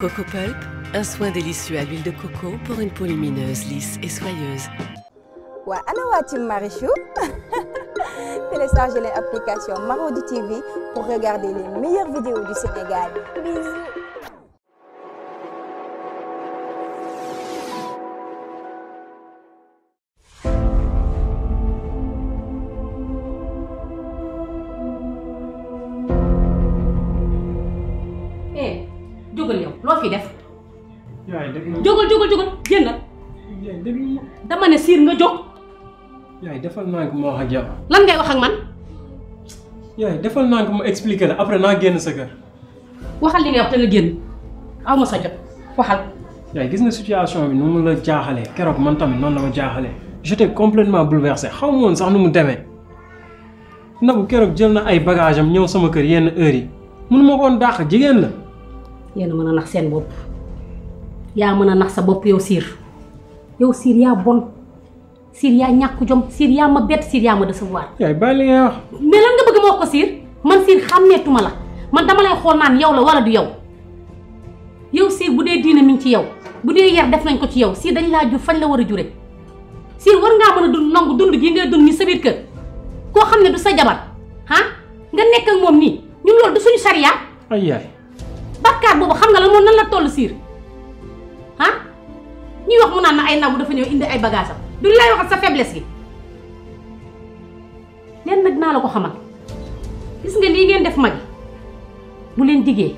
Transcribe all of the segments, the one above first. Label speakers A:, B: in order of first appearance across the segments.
A: Coco Pulp, un soin délicieux à l'huile de coco pour une peau lumineuse, lisse et soyeuse. Wa ana Marichou téléchargez l'application Marodi TV pour regarder les meilleures vidéos du Sénégal. Bisous.
B: defal naa ko ma wax ak lan ngay wax ak man. yaay defal naa ko ma expliqué la après naa génn sa kër.
C: waxal li nga wax te nga génn aw sa jot
B: waxal. yaay gis nga situation bi nu mu la jaaxalee keroog man tamit noonu la ma completement j'étais complètement bouleversé xaw ma woon sax nu mu demee. Nabou keroog jël na ay bagage am ñëw sama kër yenn heure yi mënu ma koon dàq jigéen la.
C: yéen a mën a nax seen bopp yaa mën a nax sa bopp yow siir yow siir yaa bon. Siria ñàkk jom Syria ma bet Syria ma décevoir. yay
D: balé wax.
C: mais lan nga bëgg moko Sir man Sir xàmmeetuma la man dama lay xol nan yow la wala du yow yow Sir budé diiné diine mi ci yow budé dee yar def nañ ko ci yow Sir dañ la ju fañ la wara a Sir war nga mëna dund nangu dund gi nga dund ni sa bir kër ko xamné du sa jabar ha ah, nga nek ak mom ni ñun lool du suñu sharia ay yay bakkar bobu xam nga la moom nan la toll Sir ha ah? ñi wax mu nan na ay naaw dafa ñew indi ay bagage duñ lay waxal sa faiblesse gi len nak naa la ko xamal gis nga li ngeen def gi bu len digge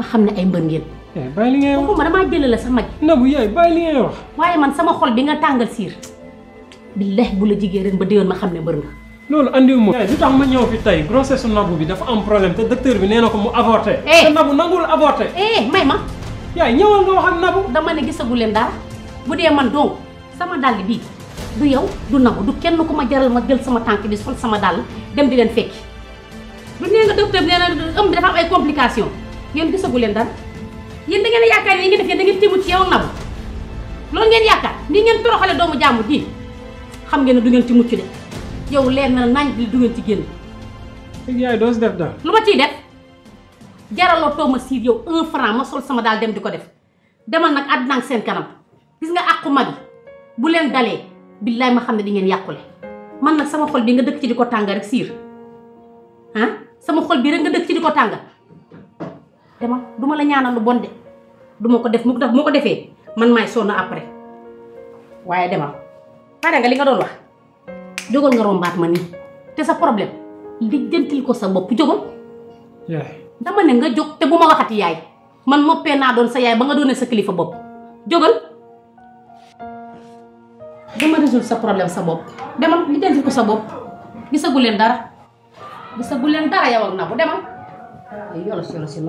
C: ma xamne ay mbeur ngeen. bay li ngay wax waxuma dama jël la sa na bu yaay bay li ngay wax. waye man sama xol bi nga tangal sir billahi bu la digge ren ba deewon ma xamne mbeur mbër nga.
B: loolu andiwu mo lu tax ma ñew fi tay grossesse su bi dafa am problème te docteur bi neena ko mu avorter te Nabou nangul eh may ma.
C: yaay ñewal nga wax ak dama ne gisagu leen dara bu dee man do sama dal bi du yow du naw du kenn ku ma jaral ma jël sama tànk bi sol sama dàll dem di leen fekki lu nee nga docteur nee na ëmb dafa am ay complications leen dara yéen da a yaakaar yi ci yow naw loolu ngeen yaakaar ni ngeen toroxale doomu jàmm ji xam ngeen ne du ngeen ci mucc de yow leen na nañ bi du ngeen ci génn yaay doo si def daal lu ma ciy def jaraloo toog ma siif yow un franc ma sol sama daal dem di ko def demal nag àddina ak seen kanam gis nga àqu mag yi bu leen dalee billahi ma xamne di ngeen yakule man nak sama xol bi nga dekk ci di ko rek sir ah sama xol bi rek nga dekk ci di ko dama duma la ñaanal lu bon de duma ko def muko def muko defé man may sonu après waye dama pare nga li nga doon wax jogol nga rombat man ni te sa problème lijjantil ko sa jogol jógal dama ne nga jog te buma waxati yaay man moppee na doon sa yaay ba nga doone sa kilifa bop jogol dama résoudre sa problème sa bopp demal li denc ko sa bopp gisagu leen dara gisagu leen dara yow na bu demam ay yolos yolos si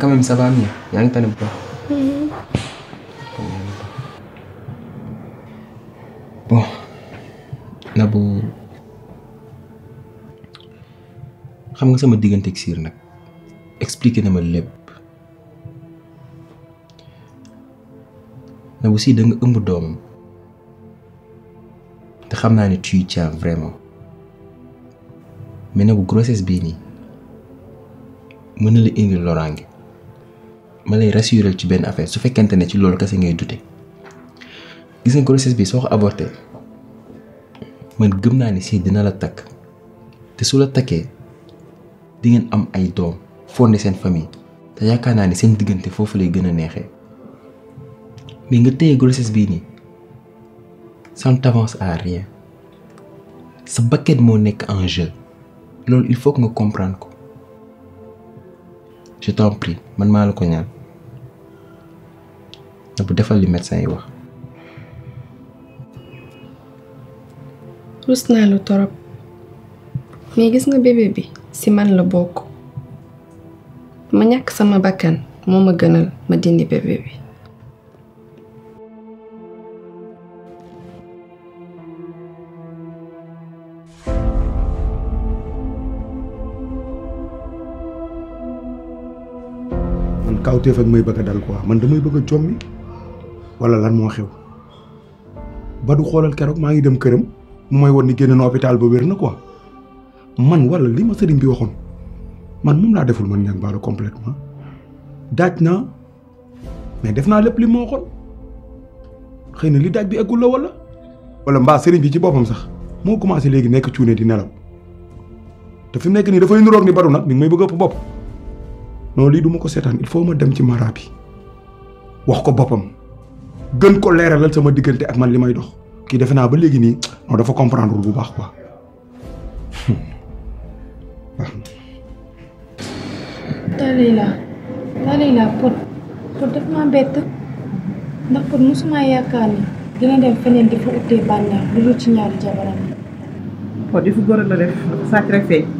B: kama msabamia yani tanibba mm. na nabu xam nga sama digënté sir nak expliquer na ma lepp nabu si da nga eum doom te xam naa tu vraiment mais nabu grossesse bi ni mën la indi ma lay rassurer ci benn affaire su fekkente ne ci loolu kese ngay dute gis nga grossesse bi soo ko avorté man gëm naa ni si dina la takk te su la takkee di ngeen am ay doom fondé seen famille te yaakaar naa ni seen diggante foofu lay gën a neexee mais nga téye grossesse bii nii ça ne t'avance à rien sa bakket moo nekk en jeu loolu il faut que nga comprendre ko je t'en prie man maa la ko ñaan bu defal li médecin yi wax.
E: rus naa lu torop
A: mais gis nga bébé bi ci man la bokk ma ñàkk sama bakkan moo ma gënal ma dindi bébé bi.
F: man kawteef ak may bëgg a dal quoi man damay bëgg a jommi wala lan moo xew ba du xoolal keroog maa ngi dem këram mu may woon ni génn na hôpital ba wér na ko man wala li ma sëriñ bi waxoon man moom laa deful man ñaan baalo complètement daaj naa mais def naa lépp li ma waxoon xëy na li daaj bi eggul la wala. wala mbaa sëriñ bi ci boppam sax moo commencé léegi nekk cuune di nelaw te fi mu nekk nii dafay nuroog ni baru nag mi may bëgg a bopp. no li duma ko setan il faut ma dem ci mara bi wax ko bopam gën ko leeralal sama digënté ak man limay dox ki defe naa ba légui ni non dafa comprendre bu baax quoi
A: Dalila hmm. Dalila pour, pour daf maa bett ndax Pod mosuma yaakaar ni dina dem fenen di fa uttee bànneex lu dul ci ñaar jabaram
G: Pod yëfu góor la def dafa sàcc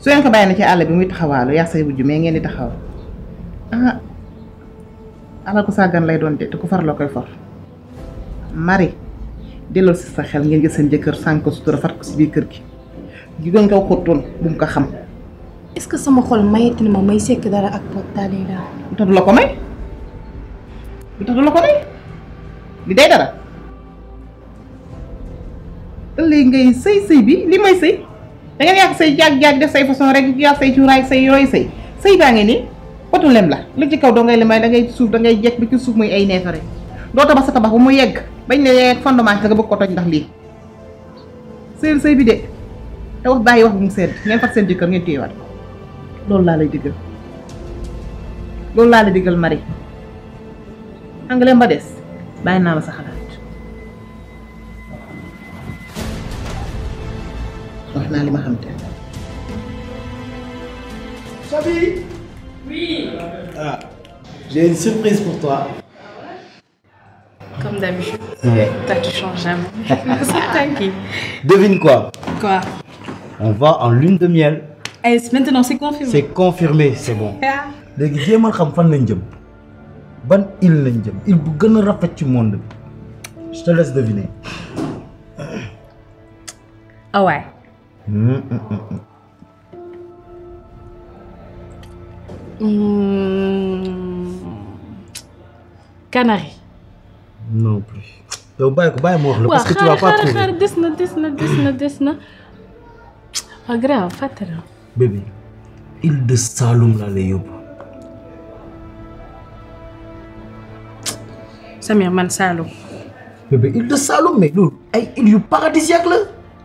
G: su ngeen ko bàyyi na ci àll bi muy taxawaalu yaa say wujj mais ngeen di taxaw ah, alal ko sàggan lay doon de te ku farloo koy for mari delloo sa xel ngeen jël jëkkër sànq ko sutura fat ko si biir kër gi gi gën ko xottoon bu mu ko xam
A: est-ce que sama xol mayet na ma may sekk dara ak portaale daal
G: lu tax du la ko may lu tax du la ko may li day dara ëllëg ngay sëy sëy bi li may sëy da ngeen yàgg say jaag-jaag def say façon rek yàgg say cuuraay say sëy baa ngi nii potu lem la li ci kaw doo ngay lemay da ngay suuf dangay ngay jekk bi ci suuf muy ay neefere doo tabax sa tabax ba mu yegg bañ ne yeeg fondement la nga bëgg ko bi de te wax bàyyi wax bu mu sedd ngeen fat seen jëkkër ngeen téyewaat loolu laa lay diggal loolu laa lay diggal Marie anglais mba des bàyyi naa la sa
B: Je ma xam
F: Chabi.
E: Oui.
B: Ah, j'ai une surprise pour toi. Comme d'habitude. Ah ouais. Hein.
E: Toi, tu changes jamais. C'est tranquille.
B: Devine quoi
E: Quoi
H: On va en lune de miel.
E: Et eh, maintenant, c'est confirmé. C'est
H: confirmé, c'est bon.
E: Ah.
I: léegi jéemal xam fan lañ jëm ban île lañ jëm il bu gën a ci monde je te laisse deviner.
E: ah ouais. Mmh, Canari.
B: Non plus. Donc, bah, bah, moi, parce que tu vas pas trouver.
E: Desna, desna, desna, desna. Pas ah, grave, fatera.
B: Bébé, il de Saloum là, les
E: Samir, man
G: Saloum. Bébé, il de Saloum, mais il île du paradisiaque là.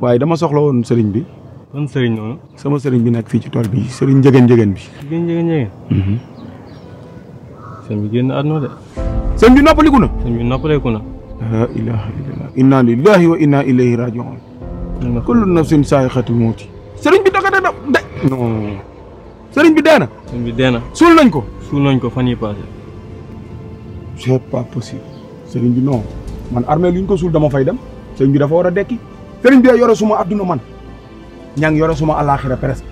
F: waye dama soxla won serigne bi. ban serigne non sama serigne bi nak fi ci tol bi serigne jegen jegen bi.
B: jegen jegen
F: hmm sen bi génn adno de. sen bi noppaliku kuna. sen bi nopale kuna la ilaha illallah inna lillahi wa inna ilayhi rajiun. kullu nafsin saa'iqatul maut serigne bi daga da non serigne bi deena na. bi deena sul suul nañ ko. sul nañ ko fan yi passé. c'est pas possible. serigne bi non man armée lu ko sul dama fay dem serigne bi dafa wara dekk serigne bi yoro suma aduna man ñang yoro suma alakhirah presque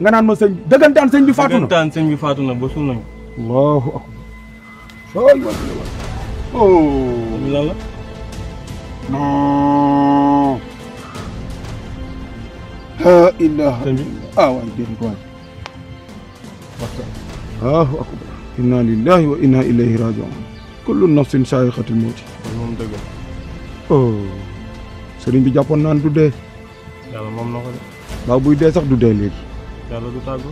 F: nga nan ma sëñ dëggantaan sëñ bi fatuna na
B: dëggantaan bi fatuna bo ba
F: allahu akbar. ay wa oh. la la. no ha inna ah wa déedéet waay. allahu akbar. inna lillahi wa inna ilaihi rajiun kullu nafsin sa'iqatul maut oh. sëriñ bi jàppoon naan du dee.
B: yàlla moom na ko de.
F: buy dee sax du dee léegi. yàlla du tàggu.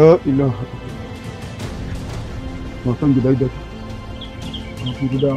F: ah Ilaah waaw sëñ bi day dee. waaw fii du daa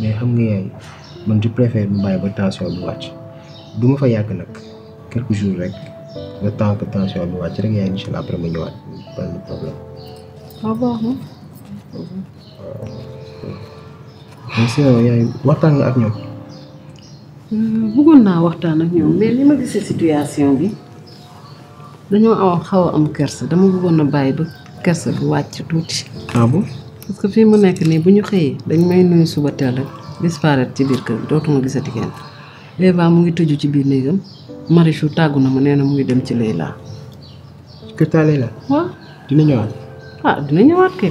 B: mais xam nga yaay man je préfère mu bàyyi ba tension bi wàcc du ma fa yàgg nag quelques jours rek le temps tension bi wàcc rek yaay incha allah après ma ñëwaat pas de problème. Euh, waxtaan nga ak ñoom.
D: Euh, bëggoon naa waxtaan ak ñoom mais li ma gisee situation bi dañoo aw xaw am kers dama bëggoon na bàyyi ba kersa bi wàcc tuuti. ah parce que fii mu nekk nii bu ñu xëyee dañ may nuyu suba teel rek disparaître ci biir kër dootuma gisati kenn Eva mu ngi tëju ci biir néegam Marichou tàggu na ma nee na mu ngi dem ci Leila. kër taa Leila. waaw ah,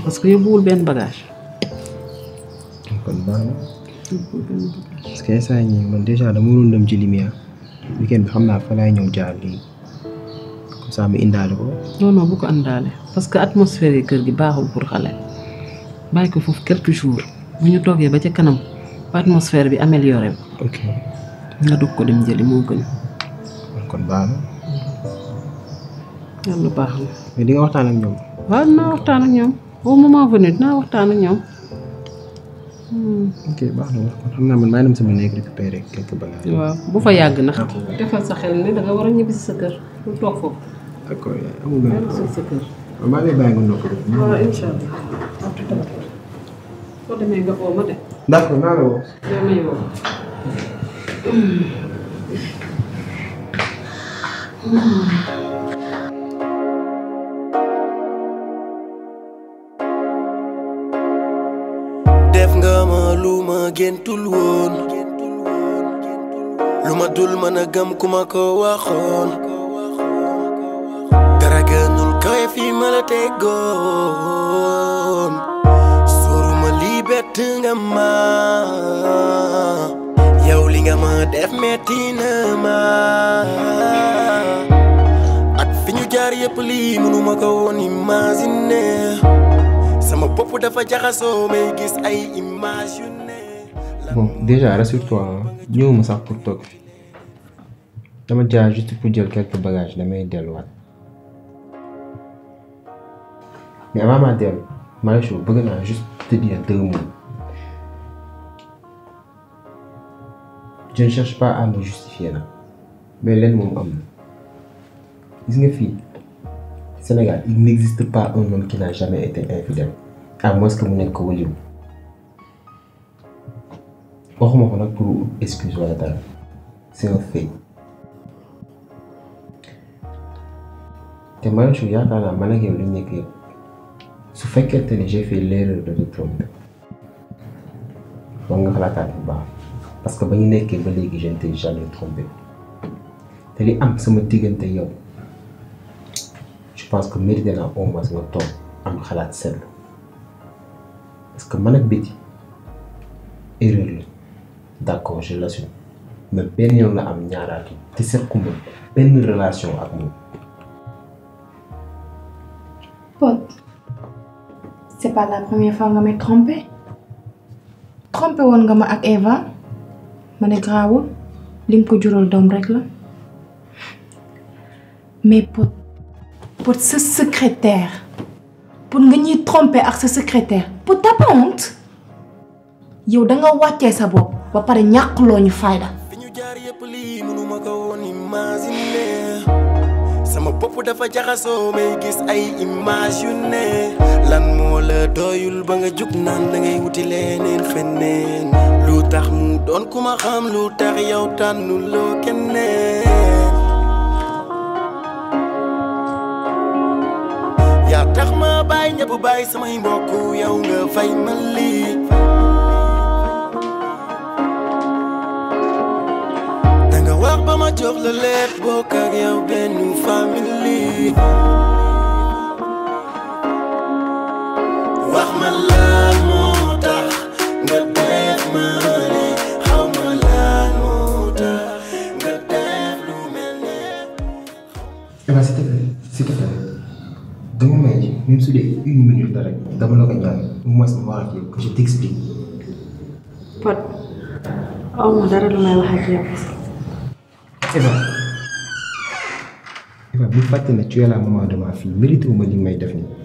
D: parce que yóbbuwul benn bagage.
B: kon baax na. yóbbuwul ci Limia. weekend bi xam naa fa ñëw jaar lii comme ça mu indaale ko.
D: non bu ko indaale parce que atmosphère yi kër gi baaxul pour xale. bàyyi ko foofu quelques jours bu ñu toogee ba ca kanam ba atmosphère bi
B: amélioré wu. ok nga dugg ko dem jëli moo gën. kon baax na. di waxtaan ak ñoom.
D: waaw dinaa waxtaan ak ñoom au moment waxtaan ak ñoom.
B: ok baax na wax xam
D: fa yàgg nag. Ah, defal sa xel ne da war a ñibbi sa kër lu toog foofu.
B: d'accord amul benn problème. nga noppalu. waaw incha
D: allah. soo demee nga oo ma de.
B: d' accord naa la woo.
D: doo may woo.
J: def nga ma lu ma géntul woon lu ma dul mën a gëm ku ma ko waxoon dara gënul kawe fi ma la teggoon bett nga ma yow li nga ma def metti ma ak fi ñu jaar yëpp lii mënuma ko woon sama bopp dafa jaxasoo may gis ay image yu ne
B: bon déjà rassure-toi ñëwuma sax pour toog dama jaar juste pour jël quelques bagages damay delluwaat mais avant ma dellu Marichou bëgg naa juste T'es bien Je ne cherche pas à me justifier là. Mais l'un mon homme. Dis une fille. Sénégal, il n'existe pas un homme qui n'a jamais été infidèle. À moins que mon n'êtes que William. waxuma ko nag pour excuse wala dara c'est un fait T'es man su yaakaar naa man ak yow li ñu su fekkente ni j'ai fait l'erreur de te tromper war nga xalaataat bu baax parce que ba ñu nekkee ba léegi je ne jamais trompé te li am sama diggante yow je pense que mérité naa au moins nga toog am xalaat seetlu parce que man ak Béti erreur la d'accord je l'assume mais benn yoon la am ñaaraatu te sequma benn relation ak moom.
A: pot c'est pas la première fois nga may trompé trompé woon nga ma ak Eva ma ne grawul li ko jural doom rek la mais Pod Pod sa secrétaire Pod nga ñuy trompé ak sa secrétaire Pod t'as pas honte yow da nga sa bopp ba pare ñàkkuloo ñu fayda.
J: sama bopp dafa jaxasoo may gis ay image lan moo la doyul ba nga jug naan dangay wuti leneen feneen lu tax mu doon ku ma xam lu tax yow tànnu loo keneen yaa tax ma bàyyi ñëpp bàyyi samay mbokk yow nga fay ma lii ba ma jox la lépp bokk ak yow benn famille wax ma lan moo nga def ma li ma lan moo nga def lu mel ne
B: Eva eh s'il te plaît s'il te plaît dama may ji même su minute la rek dama la ko ñaan au moins ma wax ak yow que je t'explique
E: Pod aw ma dara lu may wax ak
B: Eva Eva bul fàtte ne tu es la maman ma fille mérite wu ma li may def nii.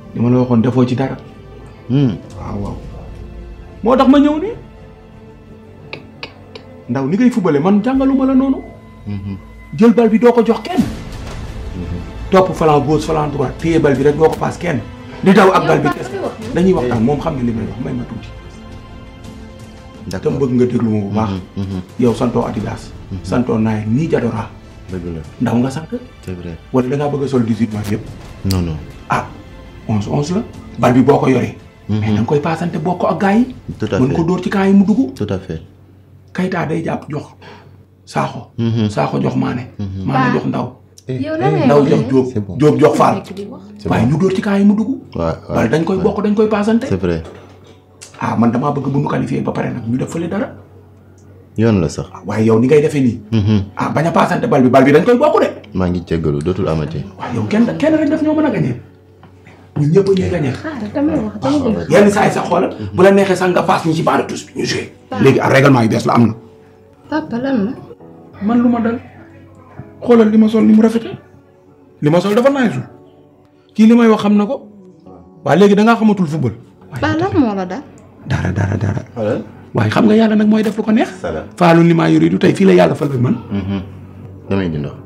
F: dama la waxoon defoo ci dara. waaw waaw. moo tax ma ñew ni ndaw ni ngay fubale man jangaluma la nonu hmm jël bal bi do ko jox kenn. top hmm. flanc gauche flanc droite téye bal bi rek boko pass kenn. di daw ak bal bi kess dañuy waxtaan mom xam nga limay wax may ma tuti d'accord te bëgg nga déglu ma hmm, bu hmm, baax. yow santo Adidas. santo nay ni Jadora. dëgg la ndaw nga sank c'est vrai wala da nga bëgg sol 18 mois yépp non non ah onze onze la bal bi boo ko yoree. Mhm. mais da nga koy paasante boo ko ak gars yi. tout à fait mën ko dóor ci cas yi mu dugg. tout à fait. kayita day jàpp jox saako. Mhm. saako jox maane. Mhm. maane jox ndaw. Eh, eh, yow ndaw jox eh? jóob jóob jox faal. waaye ñu dóor ci cas mu dugg. waaw dañ koy bokk dañ koy paasante. c'est vrai. ah man damaa bëgg bu ñu qualifié ba pare nag ñu def fële dara.
I: yoon la sax. Ah, waaye
F: yow ni ngay defee nii. ah bañ a paasante bal bi bal bi dañ koy bokk de. maa ngi jéggalu dootul amati. waaw yow kenn kenn rek daf ñoo mën a ñun ñëpp a ñuy gagné. Ah, yenn saa yi sax xoolal. bu la neexee sax nga faas ñu ci baara léegi ak règlement yu bees la am na. papa man lu ma dal xoolal li ma sol ni mu rafetee li ma sol dafa naay kii li may wax xam na ko waaye léegi da ngaa xamatul football. waaw lan moo la dal. dara dara dara. waaye xam nga yàlla nag mooy def lu ko neex. faalu ni maa yore du tey fii la yàlla fal bi man. Mhm.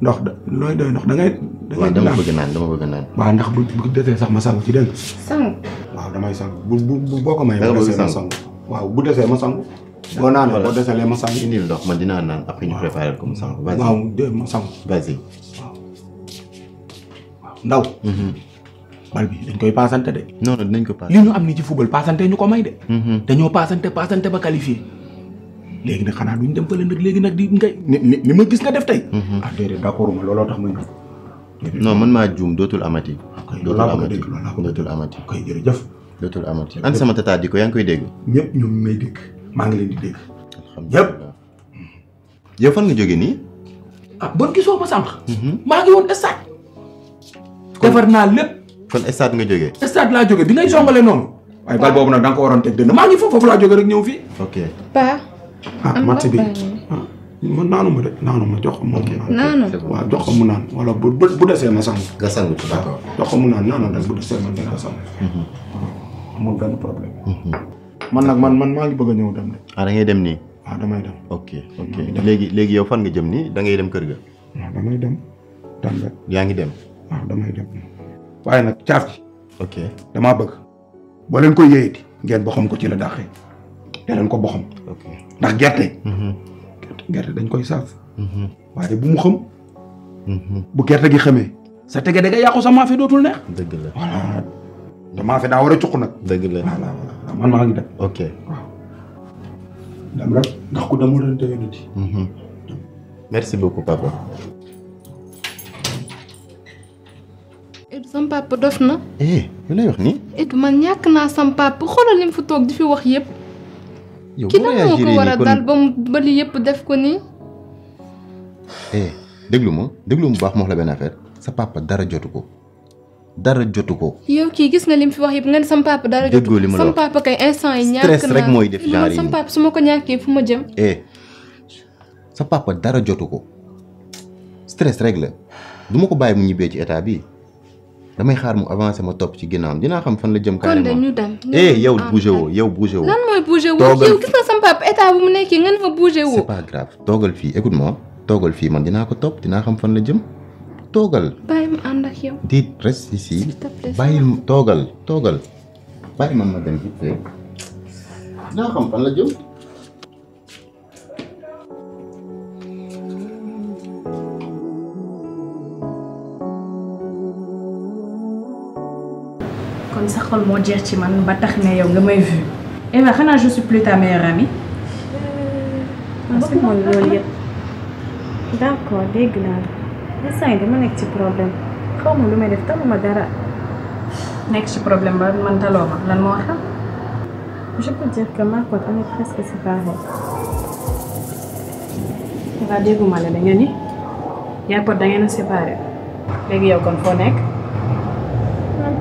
F: ndox da looy doy ndox da ngay. da ngay dama bëgg naan dama bëgg naan. waaw ndax bu bu desee sax ma sangu ci dégg sangu waaw damay sangu bu bu boo ko may. ma desee ma sangu
I: waaw bu desee ma sangu. boo naan boo desee lee ma sangu. indil ndox ma dinaa naan après ñu préparé ko mu sangu. vas-y waaw
F: de ma sangu. vas-y waaw. waaw ndaw. Mm-hmm. bal bi dañ koy paasante de. non non ko paasante li ñu am ni ci football paasante ñu ko may de. Mm-hmm. dañoo paasante paasante ba qualifié. légui nak xana duñ dem fële nag léegi nag di ngay ni ma gis nga def tay mhm. ah dédé d'accord ma lolo tax muy nag non man
I: ma juum dotul amati dotul amati dootul amati koy jërëjëf dootul amati an sama tata diko yang koy dégg
F: ñëpp ñoom may dégg ma ngi leen di dégg
I: ñëpp mhm. yow fan nga joggé ni
F: ah bon gisoo ma sank mhm. ma ngi won estade defar naa lepp kon estade nga joggé estade la joggé bi ngay songale non ay bal bobu nak dang ko waron tek dënn ma ngi fofu la joggé rek ñew fi ok pa ah match bi
D: ah,
F: ma naanu ma de naanu ma jox ko moom naan waaw jox ko mu naan wala bu bu desee na sang nga sang ci d'accord jox ko mu naan naanu bu man mhm. dina problème mhm. man nag man man maa ngi bëgg a dem de
I: ah da ngay dem nii waaw ah, damay dem ok ok léegi yow fan nga jëm da ngay dem kër ga waaw
F: ah, dem dem rek yaa dem waaw damay dem waaye nag caaf ji ok damaa bëgg boo leen ko yéyati ngeen boxam ko ci la leen ko boxam ndax gerte. Mhm. gerte dañ koy saaf. Mhm. waaye bu mu xam. Mhm. bu gerte gi xamee. sa tege da nga yàqu sa maafe dootul neex. dëgg la voilà te maafe daa war a cuq nag. dëgg la voilà man maa ngi dem. ok waaw. dam rek ndax ku demul ren tey nit
I: merci beaucoup papa.
D: Edu sam papa dof na.
I: eh li lay wax nii.
D: Edu man ñàkk naa sam papa xoolal li mu fi toog di fi wax yëpp.
I: yow ki lan moo ko war a dal ba
D: mu ba li yëpp def ko nii.
I: eh déglu ma déglu mu baax ma wax la benn affaire sa papa dara jotu ko dara jotu ko.
D: yow kii gis nga mu fi wax yëpp nga ne sama jotu ko sama papa kay instant yi. ñàkk naa rek mooy def genre yi sama papa ma ko ñàkkee fu ma jëm.
I: eh sa papa dara jotu ko stress rek la du ma ko bàyyi mu ñibbee ci état bi damay xaar mu avancé ma topp ci ginnaawam dina xam fan la jëm. kaani kon de ñu
D: dem. eh yow bougé yow bougé woo. lan mooy bougé woo yow gis nga sama bu mu nekkee nga ne fa bougé woo.
I: c'est toogal fii écoute moi toogal fii man dinaa ko topp dinaa xam fan la jëm toogal. bàyyi ma ànd ak toogal toogal bàyyi man dinaa xam fan la jëm.
E: xol moo jeex ci man ba tax ne yow ngamay may vu Eva xanaa je suis plus ta meilleure amie. Euh, parce que man loolu yëpp d'accord dégg naa la instant yi dama nekk ci problème xaw ma lu may def taluma dara. next ci problème ba man taloo ma lan moo xam. je peux dire que ma cote on est presque séparés. waaw dégguma la da nga ni yaa ko da ngeen a séparé. yow kon fo nek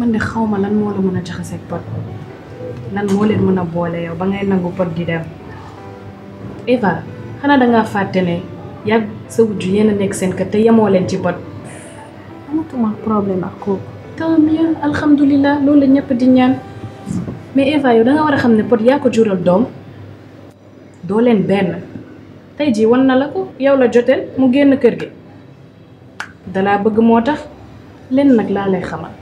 E: man de xaw ma lan moo la mën a jaxaseeg Pod lan moo leen mën a boole yow ba ngay nangu Pod di dem Eva xanaa dangaa fàtte ne yàgg sa wujju yéen a nekk seen kër te yemoo leen ci Pod amatuma problème ak kooku tant loolu la di ñaan mais Eva yow danga war a xam ne pot yaa ko jural doom doo leen benn tey jii wan na la ko yow la joteel mu génn kër gi dalaa bëgg moo tax leen nag laa lay xamal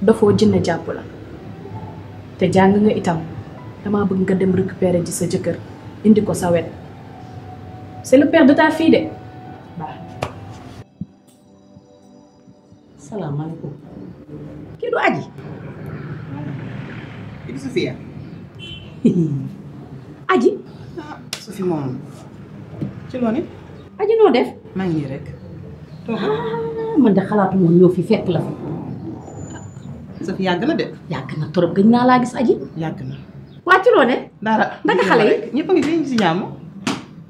E: dafo jënn jàpp la te jang nga itam dama bëgg nga dem récupérer ci sa jëkkër indi ko sa wet c'est le père de ta fille de salaamaaleykum ki do
C: aji ibi Sofia
G: aji
C: ah, Sofia mom ci loolu aji no def maa ngi rek ah, man de xalaatu mo ñoo fi fekk la Ya, sa yagna yàgg na de yagna na trop gëj naa laa gis aji yagna na wàcculoo ne dara naka xale yi ngi fi si jàmm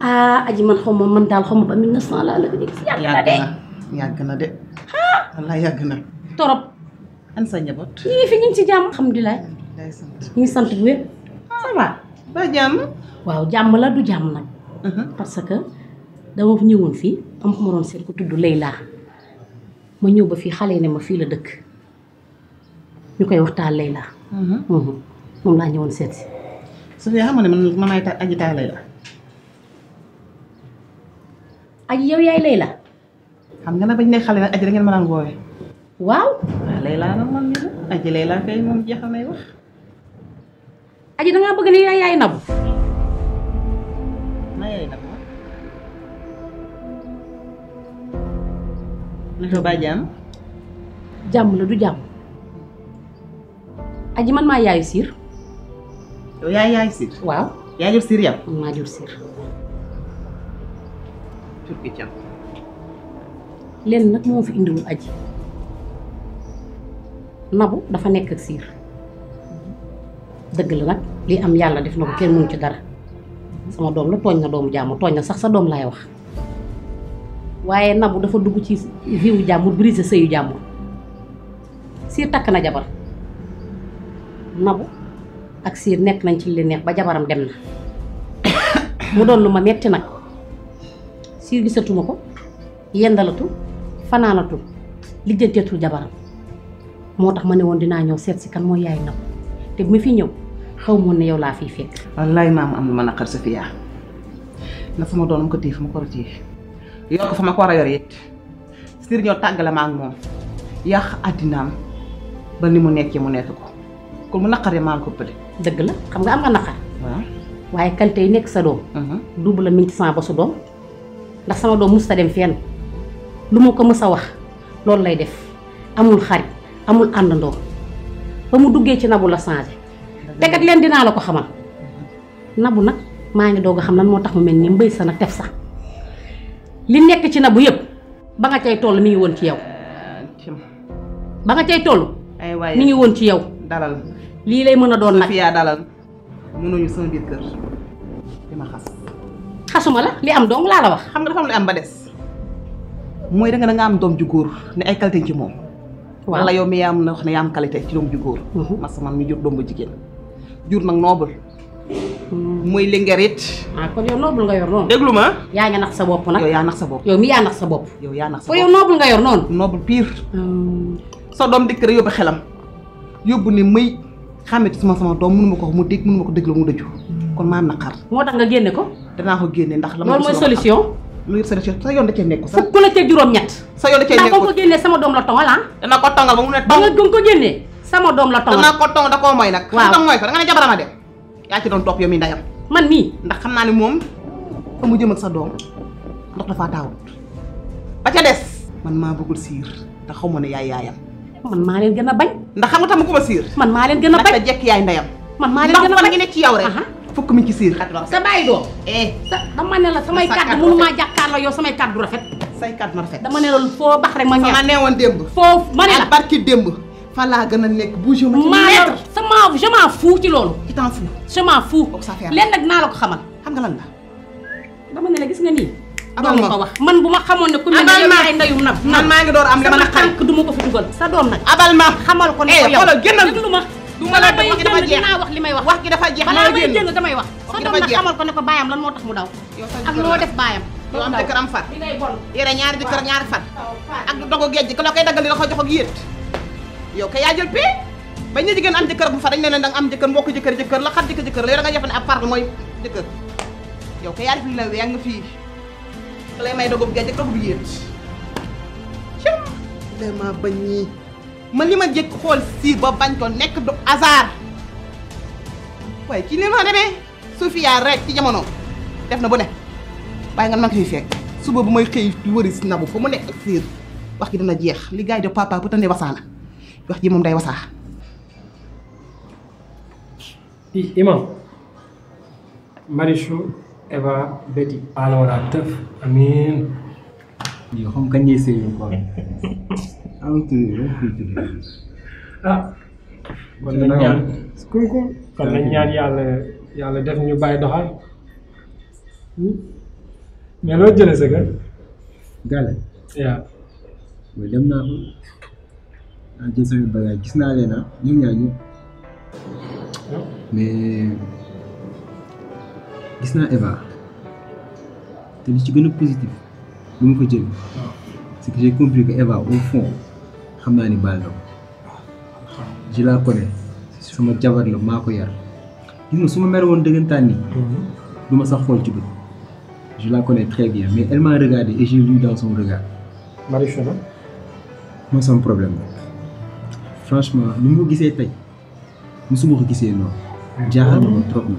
C: ah aji man xaw ma man daal xaw ma ba mille neuf cent laa la gëj a
G: gis yagna na de yagna na de ah wallaay yagna
C: na an sa njaboot ñii fi ñu ngi si jàmm alhamdulilah ñu ngi sant bu ça va ba jàmm waaw jam la du jàmm nag parce que dama ñëwoon fii am ku ma doon seet ku tudd ma ñëw ba xale ne ma la ñu koy waxtaan Layla. Mm-hmm. Mm-hmm. moom laa ñëwoon seet si. su dee xam nga ne man man maay aji taa Layla. yaay Layla.
G: xam nga nag bañ ne xale nag aji ngeen ma daan woowee. waaw. waaw Layla nag man ñu aji Layla kay moom jeexal nay wax. aji da
C: bëgg ne yaay yaay nabu. maa yaay nabu. na ko baa jàmm. jàmm la du jàmm. aji man ma yaayu sir
G: yow oh, yaay yaayu Wow, waaw yaay jur sir yam. ma jur sir tur ki jam.
C: len nak mo fi aji. nabu dafa nek ak sir deug la nak li am yalla def nako ko kenn mënu ci dara. sama dom la togn na dom jamu togn na sax sa dom lay wax. waye nabu dafa dugg ci viu jamu briser seyu jamu. sir tak na jabar nabu ak sir nekk nañ ci li neex ba jabaram dem na mu doon luma ma metti nag siir gisatuma ko yendalatu fananatu lijjanteetul jabaram motax mané won dina ñew set ci kan mo yaay nabu te bu ma fi ñew xaw mo ne yow la fi fek wallahi mam
G: am lu ma naqar sa fiyaa la fa ma doon mu ko téye fa ko war ko yor sir ñoo tagalama ak mom yah adinam ba ni
C: mu nekké mu nekk ko kon mu naqaree maa ngi ko pële. dëgg la xam nga am nga naqar. waaye qualité yi nekk sa doom. Mhm. duub la mi ngi ci sama bosu doom ndax sama doom mosut a dem fenn lu ma ko mës a wax loolu lay def amul xarit amul àndandoo ba mu duggee ci nabu la changé. te kat leen dinaa la ko xamal. Mhm. nabu nag maa ngi doog a xam na moo tax mu mel ni mbay sa nag tef sax li nekk ci nabu yëpp ba nga cay toll mi ngi woon ci yow. Ah, ba nga cay toll. mi ngi woon ci yow. Lilai lay mëna doon nak Sofia dalal mënuñu sama biir kër
G: di xass xassuma la li am dong la la wax. xam nga dafa am lu am ba des mooy da nga am dom ju goor ne ay qualité ci mom wala yow mi am na wax ne yam qualité ci dom ju góor. masa mhm. man mi jur dom bu jigen jur nag noble. Mhm. muy lingerit. ah kon yow noble nga yor non degluma ya nga nax sa bop nak yow ya nax sa bop yow mi ya nax sa bop yow ya nax sa bop yow noble nga yor non noble pire. Hmm. sa dom rek xelam yobuni may xamé ci sama sama doom mënuma ko mu dégg mënuma ko déglu mu dëjju kon ma nakar
C: moo tax nga génné ko dana ko génné ndax la loolu mooy solution
G: lu solution sa yoon da ci
C: nekk sa ko la ci juroom ñett sa yoon da ci nekk ko génné sama doom la tongal ah dana ko tongal ba mu ne ba nga gën ko génné
G: sama doom la tongal dana ko tong da ko moy nak waaw da moy fa nga ne jabarama dé ya ci doon top yomi mi ndayam man mi ndax xamna ni mom fa mu jëm ak sa doom ndax dafa taawut ba ca dess man ma bëggul sir da xaw ne yaay yaayam man maa leen gën a bañ. ndax xam nga tax siir. man maa leen gën a bañ ndax jekk yaay ndeyam. man maa leen gën a bañ ndax nekk ci yow rek. fukk mi ci siir. sa bàyyi doom.
C: eh sa dama ne la samay kàddu mënu maa jàkkaarloo yow samay kàddu rafet. say kàddu rafet. dama
G: ne la foo baax rek ma ñaar sama foo ma ne la barki fa laa gën a
C: nekk bu je ma ci nekk sama je m'en fous ci loolu. tu t'en fous. je m'en fous. lenn nag naa la ko xamal xam nga lan la dama ne la gis nga nii abal ma man bu eh, ma xamoon ne ku mel ndayum nag man maa ngi door am li ma naqari tànk du ma ko fi dugal sa doom nag abal ma xamal ko ne ko yow xoolal génnal déglu ma du ma la wax dafa jeex dinaa wax li may wax wax gi dafa jeex balaa may génn damay wax sa doom nag xamal ko ne ko baayam lan moo tax mu daw ak loo def baayam
G: yoo am jëkkër am far yére ñaari jëkkër ñaari far ak dogo géej ko la koy daggal di la ko jox ak yéet yow kay yaa jël pee bañ ne jigéen am jëkkër bu fa dañ ne leen da nga am jëkkër mbokk jëkkër jëkkër la xat jëkkër jëkkër la yow da nga jëfane ab par mooy jëkkër yow la nga lay may dogub géej ak dogub yéen cam vraiment bañ ñii man li ma jëkk xool si ba bañ ko nekk du hasard waaye ci leen ma demee Sofia rek ci jamono def na bu ne waaye nga man ko fekk suba bu may xëy wëris nabu fa mu nekk ak séer wax gi dana jeex li gaay de papa bu tandee wasaana wax ji moom day wasaa
B: i imam Marichou Eva Betty. Allah wala tëf amiin. yow xam kañ ngay sëy quoi. ah. kon nañ kon nañ ñaan yàlla yàlla def ñu bàyyi doxal. Hmm? mais loo jëlee sa kër. gàlle. waaw. dem naa ko. ah jël sama bagage gis naa leen ah ñoom hmm? mais. gis naa Eva te li ci gën a positif lu ma ko jël c'est que j'ai compris que Eva au fond xam naa ni baal la je la connais sama jabar la maa ko yar gis nga su ma mer woon dëggantaan ni du ma sax xool ci bët je la connais très bien mais elle m'a regardé et j'ai lu dans son regard Marie-Chana mooy sama problème la franchement ni ma ko gisee tey musuma ko gisee noonu ah. jaaxal na ma trop na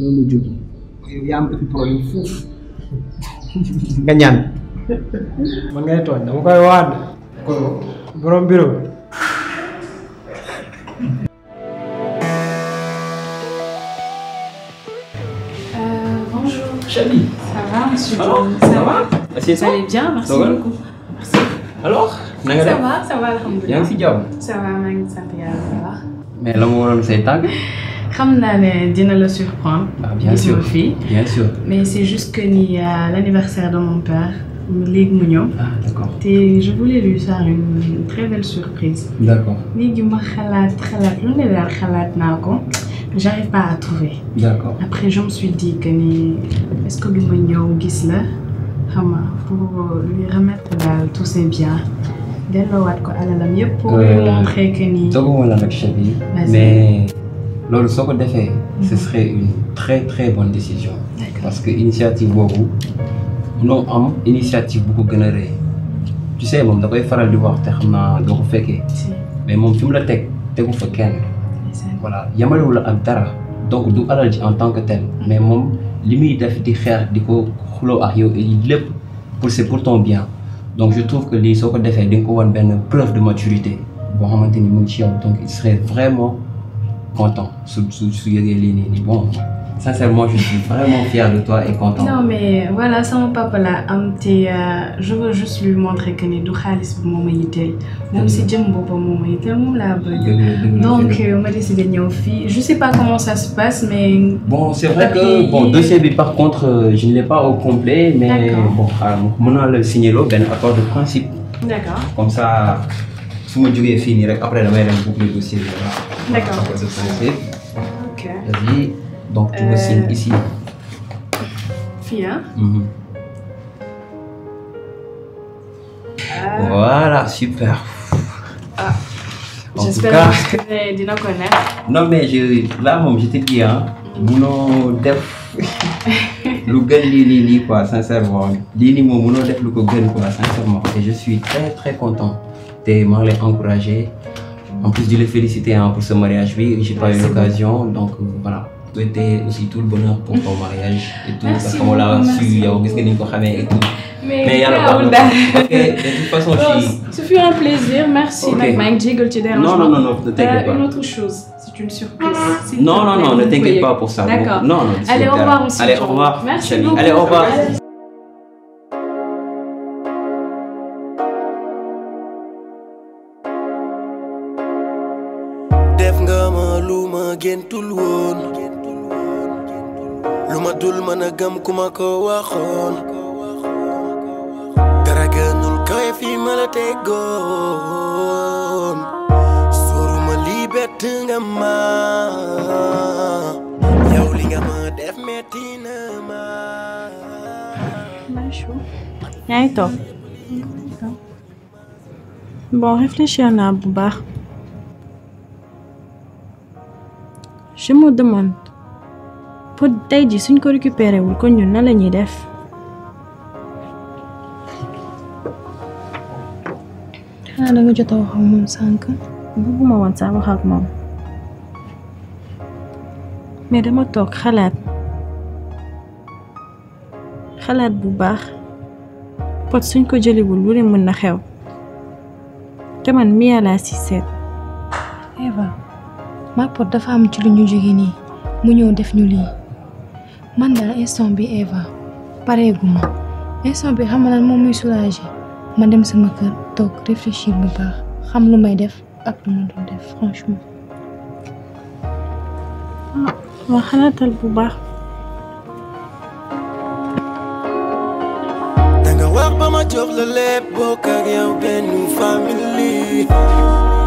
B: Non la jógee Vediamo che ti provi in foofu Gagnante. ñaan. man ngay tooñ dama koy waat.
H: Chabi. ça va monsieur ça va. ça
E: va merci beaucoup.
H: alors. ça va
E: ça va si ça va mais Comme naa dina la surprendre.
H: ah bien sûr bien sûr
E: mais c'est juste que ni euh, l'anniversaire de mon père léegi mu ñëw. ah d'accord te je voulais lui faire une très belle surprise. d'accord léegi ma xalaat xalaat lu ne j'arrive pas à trouver. D'accord. Après, je me suis dit que ni, est-ce que le mignon gis là, pour lui remettre là, tous ses biens. Dès lors, à la mieux pour euh, lui montrer que ni. Donc,
H: on a mais loolu soko ko mm-hmm. ce serait une très très bonne décision parce que initiative boobu non, am initiative bu ko gën tu sais mom da koy faral di wax té xamna naa doo ko fekkee mais mom fimu mu la teg tegu fa kenn voilà yamalewu la ak dara donc du alal ci en tant que tel mm-hmm. mais mom limuy muy def di xéer di ko xuloo ak yow lépp pour c'est pour ton bien donc je trouve que les soko défé defee di nga ko wan preuve de maturité bo xamante ni mu ngi ci yow donc il serait vraiment content. bon. Sincèrement, je suis vraiment fier de toi et content. Non,
E: mais voilà, ça mon papa là, euh, je veux juste lui montrer que nous du xaalis pour Mon a si je boobu mon la donc euh, on donc ma décidé je sais pas comment ça se passe mais.
H: bon c'est vrai que bon dossier par contre euh, je ne l'ai pas au complet mais bon on a le signer loo accord de principe. d'accord comme ça su ma jógee fii nii après damay dem boucler dossier bi. d'accord ok vas-y donc tu me signes ici. fii voilà super. ah. en tout cas
E: que dina ko
H: non mais je là moom j'étais bien dis def lu gën lii nii quoi sincèrement lii nii moom def lu ko gën quoi sincèrement et je suis très très content tellement les encourager. en plus de les féliciter hein, pour ce mariage je j'ai pas eu l'occasion donc euh, voilà souhaiter aussi tout le bonheur pour ton mariage et tout parce qu'on l'a su mais, il bah. de toute façon
E: ce fut un plaisir merci. Mike Mike non non non ne t'inquiète bah, pas une autre chose c'est une surprise. non non non ne t'inquiète pas pour ça. allez au revoir aussi. allez au revoir merci allez au revoir.
J: géntul woon lu ma dul mën a gëm ku ma ko waxoon dara gënul kawe fii ma la teggoon soruma lii bett nga ma yow li nga ma def metti na ma
E: yaa ngi toog bon réfléchir naa bu baax je me demande Pod tey jii suñ ko récupéré wul kon ñun na la ñuy def. xanaa ah, da jot a wax ak moom sànq. bëgguma woon sax moom. mais dama toog xalaat xalaat bu baax pot suñ ko jëliwul lu ne mën na xew te man Mia laa si
A: Mapod dafa am ci luñu jogé ni mu ñëw def ñu li man dara instant bi Eva pareeguma instant bi xam naa mo muy soulager ma dem sama kër tok réfléchir bu baax xam lu may def ak
E: lu ma doon def franchement. waa ah, tal bu baax.
J: da nga wax ba ma jox la lepp bokk ak yow benn family